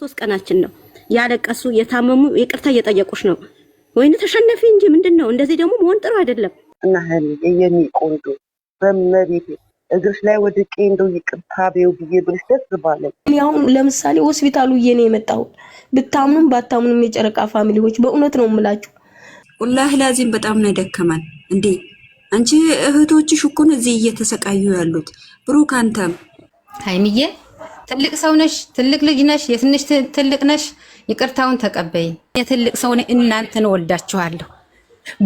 ሶስት ቀናችን ነው ያለቀሱ የታመሙ ይቅርታ እየጠየቁሽ ነው። ወይኔ ተሸነፊ እንጂ ምንድን ነው እንደዚህ ደግሞ መሆን ጥሩ አይደለም። እና የኔ ቆንጆ በመቤቴ እግርሽ ላይ ወድቄ እንደው ይቅርታ ቤው ብዬ ብልሽ ደስ ባለኝ። አሁን ለምሳሌ ሆስፒታሉ እየኔ የመጣሁት ብታምኑም ባታምኑም የጨረቃ ፋሚሊዎች በእውነት ነው የምላችሁ። ወላሂ ላዚም በጣም ነው ደከመን እንዴ አንቺ እህቶችሽ እኮ ነው እዚህ እየተሰቃዩ ያሉት ብሩክ አንተም ሀይሚዬ ትልቅ ሰው ነሽ፣ ትልቅ ልጅ ነሽ፣ የትንሽ ትልቅ ነሽ። ይቅርታውን ተቀበይ። የትልቅ ሰው ነኝ። እናንተን ወልዳችኋለሁ።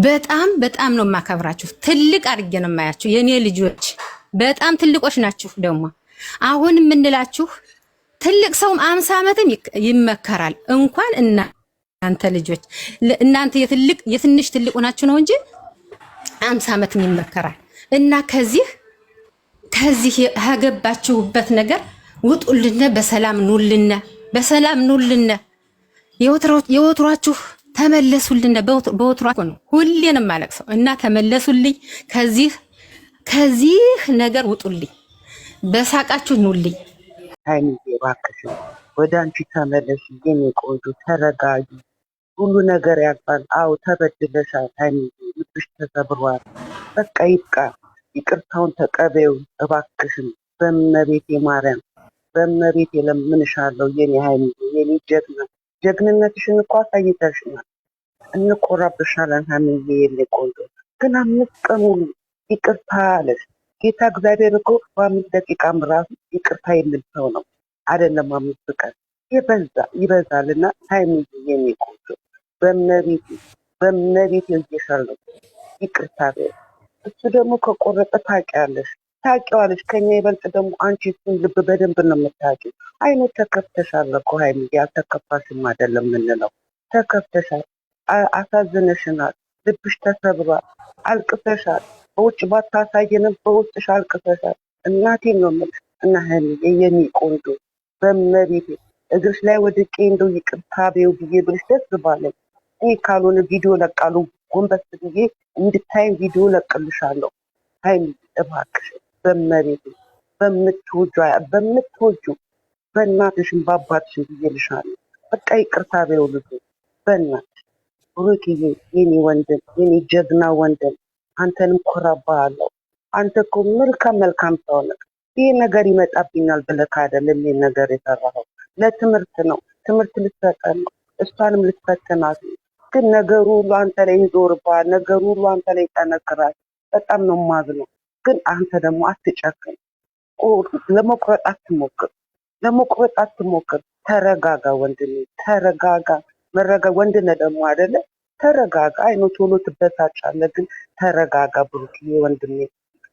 በጣም በጣም ነው የማከብራችሁ። ትልቅ አድርጌ ነው የማያችሁ። የእኔ ልጆች በጣም ትልቆች ናችሁ። ደግሞ አሁን የምንላችሁ ትልቅ ሰውም አምሳ ዓመትም ይመከራል። እንኳን እናንተ ልጆች እናንተ የትልቅ የትንሽ ትልቁ ናችሁ ነው እንጂ አምሳ ዓመትም ይመከራል እና ከዚህ ከዚህ ያገባችሁበት ነገር ውጡልነ፣ በሰላም ኑልነ፣ በሰላም ኑልነ፣ የወትሯችሁ ተመለሱልነ። በወትሯችሁ ነው ሁሌንም ማለቅ ሰው እና ተመለሱልኝ፣ ከዚህ ከዚህ ነገር ውጡልኝ፣ በሳቃችሁ ኑልኝ። ሃይሚዬ እባክሽ ወደ አንቺ ተመለስ። ግን የቆዩ ተረጋጊ፣ ሁሉ ነገር ያልፋል። አዎ ተበድለሻል ሃይሚዬ፣ ልብሽ ተሰብሯል። በቃ ይብቃ፣ ይቅርታውን ተቀበዩ እባክሽን በእመቤቴ ማርያም በእመቤቴ እለምንሻለሁ የኔ ሀይሚ የኔ ጀግና ጀግንነትሽን እኮ አሳይተሽናል። እንቆራብሻለን ሀሚዬ የኔ ቆንጆ። ግን አምስት ቀን ሙሉ ይቅርታ አለሽ። ጌታ እግዚአብሔር እኮ በአምስት ደቂቃም ራሱ ይቅርታ የሚል ሰው ነው አይደለም። አምስት ቀን ይበዛ ይበዛል። እና ሀይሚዬ የኔ ቆንጆ በእመቤቴ በእመቤቴ እየሻለሁ ይቅርታ እሱ ደግሞ ከቆረጠ ታውቂያለሽ ታውቂዋለሽ። ከኛ ይበልጥ ደግሞ አንቺ እሱን ልብ በደንብ ነው የምታውቂው። አይነት ተከፍተሻል እኮ ሀይሚዬ፣ ያልተከፋሽም አይደለም የምንለው፣ ተከፍተሻል፣ አሳዝነሽናል፣ ልብሽ ተሰብሯል፣ አልቅሰሻል። በውጭ ባታሳየንም በውስጥሽ አልቅሰሻል። እናቴን ነው የምልሽ እና ሀይሚዬ የየኒ ቆንጆ በመቤቴ እግርሽ ላይ ወድቄ እንደው ይቅርታ በይው ብዬ ብልሽ ደስ ባለኝ። እኔ ካልሆነ ቪዲዮ ለቃሉ ጎንበስ ብዬ እንድታይም ቪዲዮ ለቅልሻለሁ። ሀይሚዬ እባክሽ በመቤቱ በምትወጁ በእናትሽም በአባትሽም ብዬልሻለሁ። በቃ ይቅርታ በይው በእናት በእናትሽ ብሩክዬ፣ የኔ ወንድም፣ የኔ ጀግና ወንድም፣ አንተንም ኮራባሃለሁ። አንተ እኮ መልካም መልካም ሰው ነህ። ይህ ነገር ይመጣብኛል ብለህ አይደለም ይህን ነገር የሰራኸው፣ ለትምህርት ነው። ትምህርት ልትሰጠ ነው። እሷንም ልትፈትናት ነው። ግን ነገሩ ሁሉ አንተ ላይ ይዞርብሃል። ነገሩ ሁሉ አንተ ላይ ይጠነክራል። በጣም ነው የማዝነው። ግን አንተ ደግሞ አትጨክን። ለመቁረጥ አትሞክር፣ ለመቁረጥ አትሞክር። ተረጋጋ ወንድሜ፣ ተረጋጋ። መረጋ ወንድነ ደግሞ አደለ፣ ተረጋጋ። አይኖ ቶሎ ትበሳጫለ፣ ግን ተረጋጋ ብሩክዬ ወንድሜ።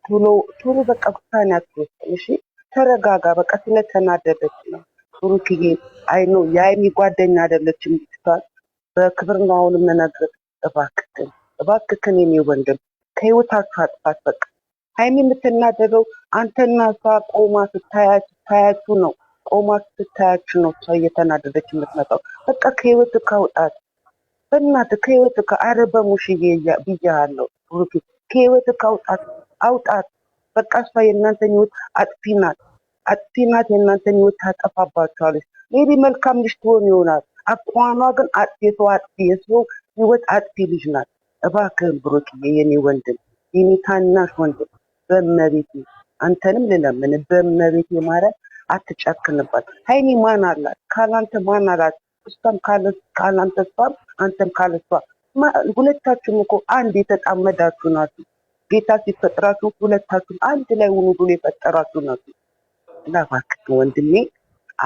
ቶሎ ቶሎ በቃ ውሳኔ አትወስን፣ እሺ? ተረጋጋ። በቃ ስለተናደደች ነው ብሩክዬ። አይኖ ነው የሀይሚ ጓደኛ አይደለችም ልጅቷል። በክብር ነው አሁን የምነግርህ። እባክህን፣ እባክህን የኔ ወንድም ከህይወታችሁ አጥፋት በቃ ሀይሚ የምትናደደው አንተና እሷ ቆማ ስታያችሁ ነው። ቆማ ስታያችሁ ነው እሷ እየተናደደች የምትመጣው። በቃ ከህይወት ካውጣት በእናት ከህይወት ከአረበሙሽ ብያለሁ። ሩኪ ከህይወት ካውጣት አውጣት። በቃ እሷ የእናንተን ህይወት አጥፊ ናት፣ አጥፊ የእናንተን ህይወት ታጠፋባችኋለች። ሜቢ መልካም ልጅ ትሆን ይሆናል። አቋኗ ግን አጥፊ፣ የሰው አጥፊ፣ የሰው ህይወት አጥፊ ልጅ ናት። እባክህን ብሩክዬ፣ የኔ ወንድም፣ የኔ ታናሽ ወንድም በመቤቴ አንተንም ልለምን በመቤቴ ማርያም አትጨክንባት። ሀይኒ ማን አላት? ካላንተ ማን አላት? እሷም ካላንተ እሷም አንተም ካለሷ ሁለታችሁም እኮ አንድ የተጣመዳችሁ ናችሁ። ጌታ ሲፈጥራችሁ ሁለታችሁም አንድ ላይ ሁኑ ብሎ የፈጠራችሁ ናችሁ። እና እባክህ ወንድሜ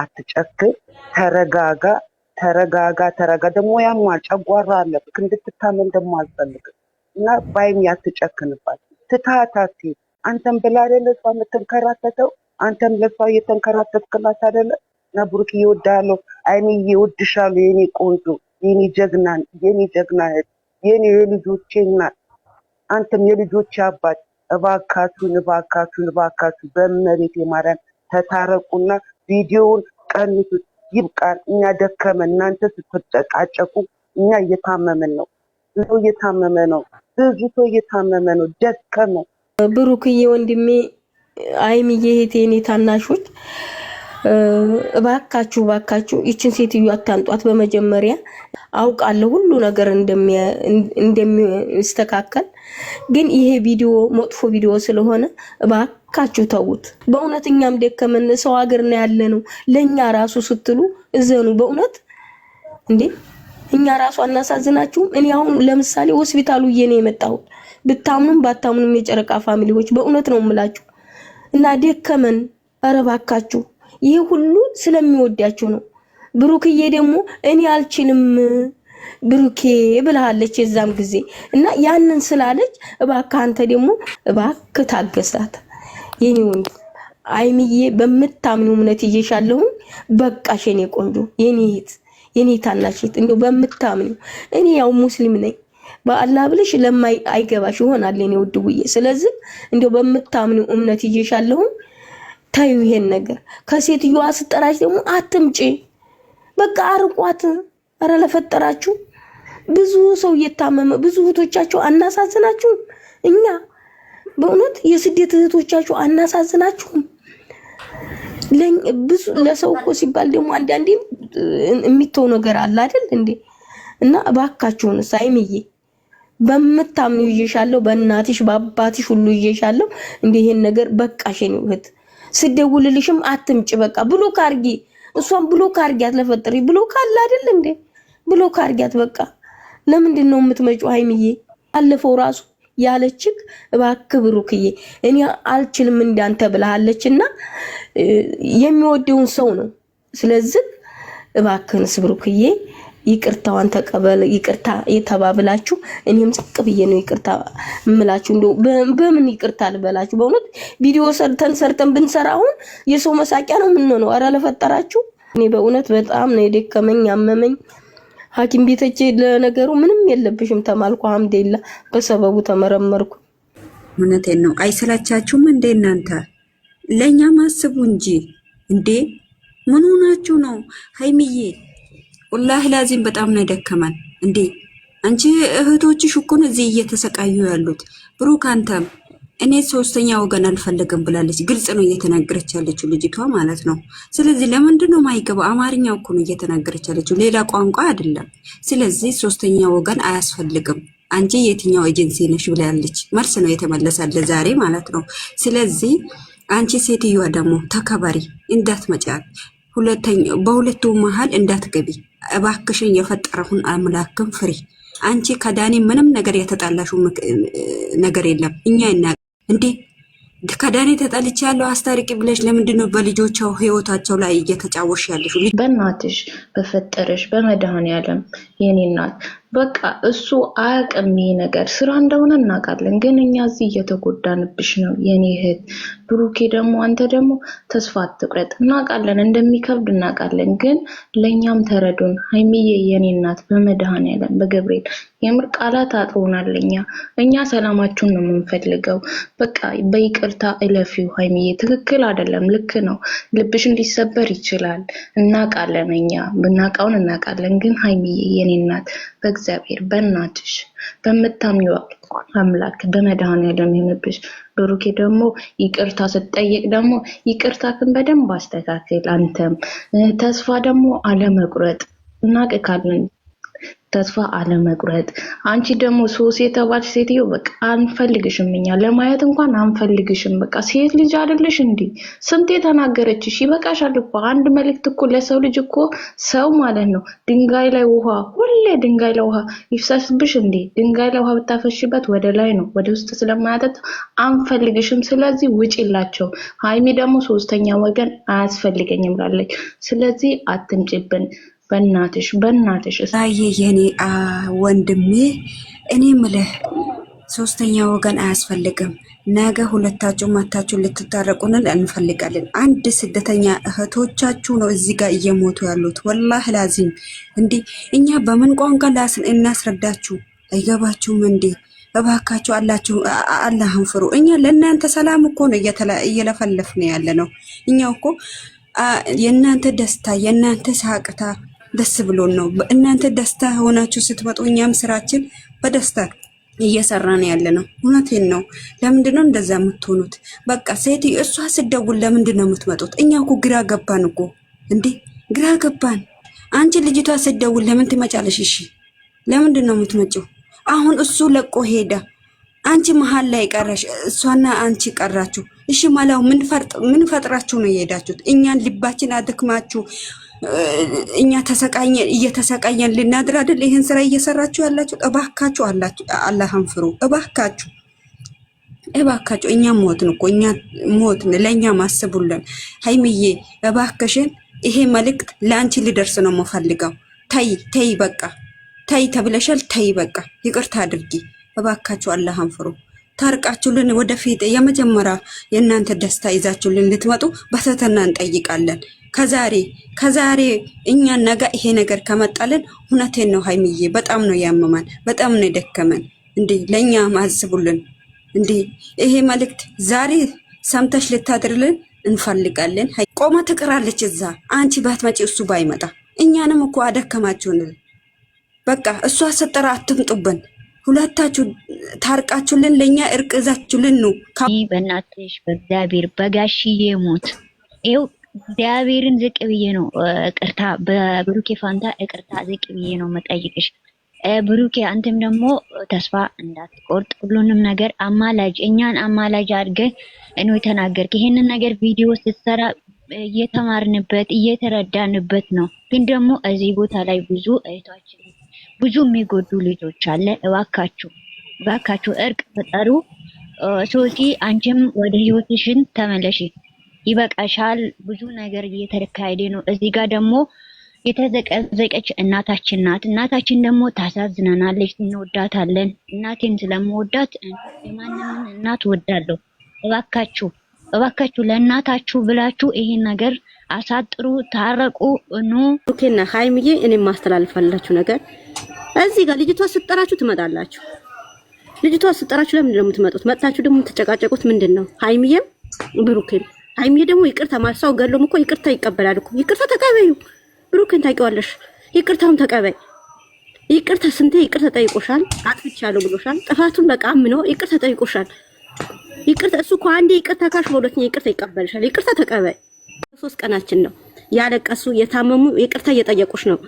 አትጨክን፣ ተረጋጋ፣ ተረጋጋ፣ ተረጋ ደግሞ ያማል፣ ጨጓራ አለብህ። እንድትታመም ደግሞ አልፈልግም እና ባይም ያትጨክንባት ትታታት አንተም ብላ አይደለ እሷ የምትንከራተተው፣ አንተም ለእሷ እየተንከራተትክላት አደለ ነብሩክ ብሩክ እየወዳለው አይኔ እየወድሻለሁ የኔ ቆንጆ፣ የኔ ጀግና፣ የኔ ጀግና የኔ ጀግና የኔ የልጆቼ እናት፣ አንተም የልጆቼ አባት፣ እባካችሁን፣ እባካችሁን፣ እባካችሁ በእመቤቴ ማርያም ተታረቁና ቪዲዮውን ቀንሱት፣ ይብቃል እኛ ደከመ እናንተ ስትጨቃጨቁ እኛ እየታመመን ነው። ሰው እየታመመ ነው። ብዙ ሰው እየታመመ ነው። ደከመ ብሩክዬ ወንድሜ፣ አይምዬ እህቴ፣ የኔ ታናሾች እባካችሁ እባካችሁ ይችን ሴትዮ አታንጧት በመጀመሪያ አውቃለሁ ሁሉ ነገር እንደሚስተካከል፣ ግን ይሄ ቪዲዮ መጥፎ ቪዲዮ ስለሆነ እባካችሁ ተዉት። በእውነት እኛም ደከመን፣ ሰው ሀገር ነው ያለ ነው። ለእኛ ራሱ ስትሉ እዘኑ። በእውነት እንዴ እኛ ራሱ አናሳዝናችሁም? እኔ አሁን ለምሳሌ ሆስፒታሉ እየኔ የመጣሁት ብታምኑም ባታምኑም የጨረቃ ፋሚሊዎች በእውነት ነው የምላችሁ እና ደከመን። ኧረ እባካችሁ ይህ ሁሉ ስለሚወዳችሁ ነው። ብሩክዬ ደግሞ እኔ አልችልም ብሩኬ ብልሃለች የዛም ጊዜ እና ያንን ስላለች እባክህ አንተ ደግሞ እባክህ ታገሳት የኔ ወንድ አይምዬ በምታምነው እምነት ይዤሻለሁኝ። በቃሽ የኔ ቆንጆ የኔ እህት የኔ ታናሽት እኔ ያው ሙስሊም ነኝ በአላህ ብለሽ ለማይ አይገባሽ ይሆናል የኔ ውድ ውዬ። ስለዚህ እንደው በምታምኑ እምነት ይዤሻለሁ። ታዩ ይሄን ነገር ከሴትዮዋ ስጠራች ደግሞ አትምጪ፣ በቃ አርቋት። ኧረ ለፈጠራችሁ ብዙ ሰው እየታመመ ብዙ እህቶቻችሁ አናሳዝናችሁም? እኛ በእውነት የስደት እህቶቻችሁ አናሳዝናችሁም? ብዙ ለሰው እኮ ሲባል ደግሞ አንዳንዴም የሚተው ነገር አለ አይደል እንዴ? እና እባካችሁን ሳይምዬ በምታምኑ ይዤሻለሁ፣ በእናትሽ በአባትሽ ሁሉ ይዤሻለሁ። እንደ ይሄን ነገር በቃሽ ነው እህት፣ ስደውልልሽም አትምጭ በቃ ብሎ ካርጊ እሷን ብሎ ካርጊያት፣ ለፈጠሪ ብሎ ካለ አይደል እንዴ ብሎ ካርጊያት በቃ። ለምንድን ነው የምትመጪው ሀይምዬ? አለፈው ራሱ ያለችክ እባክህ ብሩክዬ እኔ አልችልም እንዳንተ ብለሃለችና የሚወደውን ሰው ነው። ስለዚህ እባክህንስ ብሩክዬ ይቅርታዋን ተቀበል ይቅርታ የተባብላችሁ እኔም ጽቅ ብዬ ነው ይቅርታ እምላችሁ። እንደው በምን ይቅርታ ልበላችሁ? በእውነት ቪዲዮ ሰርተን ሰርተን ብንሰራ አሁን የሰው መሳቂያ ነው የምንሆነው። ኧረ ለፈጠራችሁ፣ እኔ በእውነት በጣም ነው የደከመኝ ያመመኝ። ሐኪም ቤተች ለነገሩ ምንም የለብሽም ተማልኩ። አምዴላ በሰበቡ ተመረመርኩ። እውነቴን ነው። አይሰላቻችሁም እንዴ እናንተ? ለእኛም እንጂ እንዴ! ምን ሆናችሁ ነው ሀይምዬ። ወላሂ ላዚም በጣም ነው ደከመን እንዴ። አንቺ እህቶችሽ እኮ ነው እዚህ እየተሰቃዩ ያሉት። ብሩክ አንተም እኔ ሶስተኛ ወገን አልፈለገም ብላለች። ግልጽ ነው እየተናገረች ያለችው ልጅቷ ማለት ነው። ስለዚህ ለምንድን ነው ማይገባ? አማርኛ እኮ ነው እየተናገረች ያለችው ሌላ ቋንቋ አይደለም። ስለዚህ ሶስተኛ ወገን አያስፈልግም። አንቺ የትኛው ኤጀንሲ ነሽ ብላለች። መልስ ነው የተመለሳለ ዛሬ ማለት ነው። ስለዚህ አንቺ ሴትዮዋ ደግሞ ተከበሪ፣ እንዳትመጫት፣ በሁለቱ መሀል እንዳትገቢ እባክሽን የፈጠረሁን አምላክን ፍሪ። አንቺ ከዳኒ ምንም ነገር የተጣላሹ ነገር የለም። እኛ ይና እንዴ ከዳኒ ተጣልቼ ያለው አስታርቂ ብለሽ ለምንድን በልጆቸው ህይወታቸው ላይ እየተጫወሽ ያለሽ? በእናትሽ በፈጠረሽ በመድኃኔዓለም የኔ እናት በቃ እሱ አያውቅም ይሄ ነገር ስራ እንደሆነ እናውቃለን፣ ግን እኛ እዚህ እየተጎዳንብሽ ነው የኔ እህት ብሩኬ። ደግሞ አንተ ደግሞ ተስፋ አትቁረጥ፣ እናውቃለን እንደሚከብድ እናውቃለን፣ ግን ለእኛም ተረዱን። ሀይሚዬ የኔ እናት በመድኃኔዓለም በገብርኤል የምር ቃላት አጥሮናል። እኛ እኛ ሰላማችሁን ነው የምንፈልገው። በቃ በይቅርታ እለፊው ሀይሚዬ። ትክክል አይደለም፣ ልክ ነው። ልብሽ እንዲሰበር ይችላል፣ እናውቃለን። እኛ ብናውቃውን እናውቃለን፣ ግን ሀይሚዬ የኔ እናት እግዚአብሔር በእናትሽ በምታምኚው አምላክ በመድኃኔዓለም ይሁንብሽ። ብሩኬ ደግሞ ይቅርታ ስትጠይቅ ደግሞ ይቅርታክን በደንብ አስተካክል። አንተም ተስፋ ደግሞ አለመቁረጥ እናቅካለን ተስፋ አለመቁረጥ። አንቺ ደግሞ ሶስ የተባልሽ ሴትዮ በቃ አንፈልግሽም፣ እኛ ለማየት እንኳን አንፈልግሽም። በቃ ሴት ልጅ አይደለሽ እንዲ ስንት ተናገረችሽ። ይበቃሻል እኮ አንድ መልእክት እኮ ለሰው ልጅ እኮ ሰው ማለት ነው ድንጋይ ላይ ውሃ፣ ሁሌ ድንጋይ ላይ ውሃ ይፍሰስብሽ እንዴ? ድንጋይ ላይ ውሃ ብታፈሽበት ወደ ላይ ነው ወደ ውስጥ ስለማያጠጥ አንፈልግሽም። ስለዚህ ውጪላቸው። ሀይሚ ደግሞ ሶስተኛ ወገን አያስፈልገኝም ብላለች። ስለዚህ አትምጭብን። በእናትሽ በእናትሽ እሳዬ የኔ ወንድሜ፣ እኔ ምልህ ሶስተኛ ወገን አያስፈልግም። ነገ ሁለታችሁ ማታችሁ ልትታረቁንን እንፈልጋለን። አንድ ስደተኛ እህቶቻችሁ ነው እዚህ ጋር እየሞቱ ያሉት። ወላህ ላዚም እንዴ! እኛ በምን ቋንቋ ላስን እናስረዳችሁ? አይገባችሁም እንዴ? እባካችሁ አላችሁ አላህን ፍሩ። እኛ ለእናንተ ሰላም እኮ ነው እየለፈለፍ ነው ያለ ነው። እኛ እኮ የእናንተ ደስታ የእናንተ ሳቅታ ደስ ብሎን ነው። እናንተ ደስታ ሆናችሁ ስትመጡ እኛም ስራችን በደስታ እየሰራን ያለ ነው። እውነቴን ነው። ለምንድን ነው እንደዛ የምትሆኑት? በቃ ሴት እሷ ስደውል ለምንድን ነው የምትመጡት? እኛ እኮ ግራ ገባን እኮ እንዴ፣ ግራ ገባን። አንቺ ልጅቷ ስደውል ለምን ትመጫለሽ? እሺ፣ ለምንድን ነው የምትመጪው? አሁን እሱ ለቆ ሄዳ አንቺ መሀል ላይ ቀረሽ፣ እሷና አንቺ ቀራችሁ። እሺ፣ ማላው ምን ፈጥራችሁ ነው የሄዳችሁት? እኛን ልባችን አድክማችሁ እኛ ተሰቃየን እየተሰቃየን ልናድር አይደል? ይህን ስራ እየሰራችሁ ያላችሁ እባካችሁ አላህን ፍሩ። እባካችሁ እባካችሁ እኛ ሞትን እኮ እኛ ሞትን፣ ለእኛ ማስቡልን። ሀይምዬ እባክሽን ይሄ መልእክት ለአንቺ ሊደርስ ነው የምፈልገው። ተይ ተይ፣ በቃ ተይ ተብለሻል። ተይ በቃ ይቅርታ አድርጊ። እባካችሁ አላህን ፍሩ። ታርቃችሁልን ወደፊት የመጀመሪያ የእናንተ ደስታ ይዛችሁልን ልትመጡ በትህትና እንጠይቃለን። ከዛሬ ከዛሬ እኛ ነገ ይሄ ነገር ከመጣልን እውነቴን ነው ሀይሚዬ፣ በጣም ነው ያመማን፣ በጣም ነው የደከመን። እንዲ ለእኛ ማስቡልን እንዲ ይሄ መልእክት ዛሬ ሰምተሽ ልታድርልን እንፈልጋለን። ቆማ ትቅራለች እዛ አንቺ ባትመጪ እሱ ባይመጣ እኛንም እኮ አደከማችሁን። በቃ እሱ አሰጠራ አትምጡብን። ሁለታችሁ ታርቃችሁልን ለእኛ እርቅ እዛችሁልን ነው በእናትሽ በእግዚአብሔር በጋሽዬ ሞት ይኸው እግዚአብሔርን ዝቅ ብዬ ነው ይቅርታ፣ በብሩኬ ፋንታ ይቅርታ ዝቅ ብዬ ነው መጠይቅሽ። ብሩኬ አንተም ደግሞ ተስፋ እንዳትቆርጥ ሁሉንም ነገር አማላጅ እኛን አማላጅ አድርገህ ነው የተናገርክ። ይሄንን ነገር ቪዲዮ ስትሰራ እየተማርንበት እየተረዳንበት ነው። ግን ደግሞ እዚህ ቦታ ላይ ብዙ እህቶቻችን ብዙ የሚጎዱ ልጆች አለ። እባካችሁ እባካችሁ እርቅ ፈጠሩ። ሶሲ አንቺም ወደ ህይወትሽን ተመለሽ። ይበቃሻል፣ ብዙ ነገር እየተካሄደ ነው። እዚህ ጋር ደግሞ የተዘቀዘቀች እናታችን ናት። እናታችን ደግሞ ታሳዝናናለች፣ እንወዳታለን። እናቴን ስለመወዳት የማንንም እናት ወዳለሁ። እባካችሁ እባካችሁ ለእናታችሁ ብላችሁ ይሄን ነገር አሳጥሩ፣ ታረቁ። ኑ ኦኬና ሀይምዬ እኔም ማስተላልፋላችሁ ነገር እዚህ ጋር ልጅቷ ስጠራችሁ ትመጣላችሁ። ልጅቷ ስጠራችሁ ለምንድን ነው የምትመጡት? መጥታችሁ ደግሞ የምትጨቃጨቁት ምንድን ነው? ሀይምዬም ብሩኬም ሀይሚ ደግሞ ይቅርታ ማልሳው ሰው ገሎም እኮ ይቅርታ ይቀበላል እኮ ይቅርታ ተቀበዩ። ብሩክን ታውቂዋለሽ፣ ይቅርታውን ተቀበይ። ይቅርታ ስንቴ ይቅርታ ጠይቆሻል። አጥፍቻለሁ ብሎሻል። ጥፋቱን በቃ ምኖ ይቅርታ ጠይቆሻል። ይቅርታ እሱ እኮ አንዴ ይቅርታ ካሽ በሁለተኛ ይቅርታ ይቀበልሻል። ይቅርታ ተቀበይ። ሶስት ቀናችን ነው ያለቀሱ የታመሙ ይቅርታ እየጠየቁሽ ነው።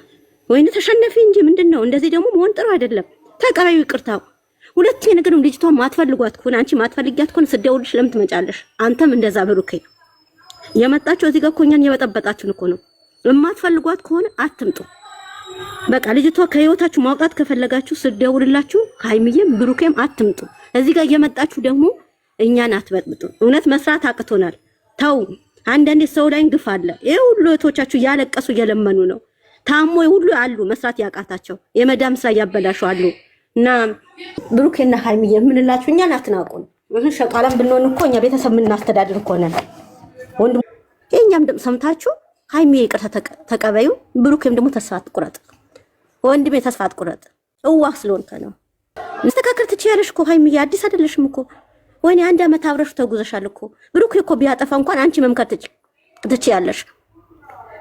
ወይ ተሸነፊ እንጂ ምንድን ነው እንደዚህ ደግሞ መሆን ጥሩ አይደለም። ተቀበዩ ይቅርታው ሁለተኛ ነገር ልጅቷ ማትፈልጓት ከሆነ አንቺ ማትፈልጊያት ከሆነ ስደውልሽ ለምን ትመጫለሽ? አንተም እንደዛ ብሩክ የመጣችሁ እዚህ ጋር እኮ እኛን የበጠበጣችሁን እኮ ነው። የማትፈልጓት ከሆነ አትምጡ። በቃ ልጅቷ ከህይወታችሁ ማውጣት ከፈለጋችሁ ስደውልላችሁ ሀይሚዬም ብሩኬም አትምጡ። እዚህ ጋር እየመጣችሁ ደግሞ እኛን አትበጥብጡ። እውነት መስራት አቅቶናል። ተው። አንዳንዴ ሰው ላይ ግፍ አለ። ይሄ ሁሉ እህቶቻችሁ እያለቀሱ እየለመኑ ነው። ታሞ ሁሉ አሉ፣ መስራት ያቃታቸው የመዳም ስራ እያበላሹ አሉ። እና ብሩኬና ሀይሚዬ የምንላችሁ እኛን አትናቁን። ሸቃላም ብንሆን እኮ እኛ ቤተሰብ የምናስተዳድር እኮ ነን። ወንድ የእኛም ድምፅ ሰምታችሁ ሀይሚ ይቅርታ ተቀበዩ፣ ብሩኬም ደግሞ ተስፋ አትቁረጥ። ወንድሜ ተስፋ አትቁረጥ፣ እዋህ ስለሆንከ ነው። መስተካከል ትችያለሽ እኮ ሀይሚዬ፣ አዲስ አይደለሽም እኮ ወይኔ፣ አንድ ዓመት አብረሽ ተጉዘሻል እኮ። ብሩኬ እኮ ቢያጠፋ እንኳን አንቺ መምከር ትችያለሽ።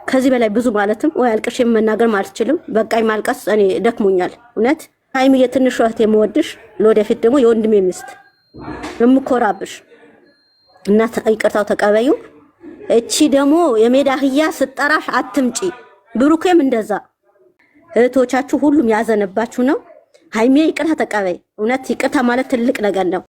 ከዚህ በላይ ብዙ ማለትም ወይ አልቅሽ መናገር አልችልም። በቃኝ ማልቀስ እኔ ደክሞኛል። እውነት ሀይሚዬ፣ የትንሽ እህት የምወድሽ ለወደፊት ደግሞ የወንድሜ ሚስት የምኮራብሽ እና ይቅርታው ተቀበዩ። እቺ ደግሞ የሜዳ አህያ ስጠራሽ አትምጪ። ብሩኬም እንደዛ እህቶቻችሁ ሁሉም ያዘነባችሁ ነው። ሀይሜ ይቅርታ ተቀበይ። እውነት ይቅርታ ማለት ትልቅ ነገር ነው።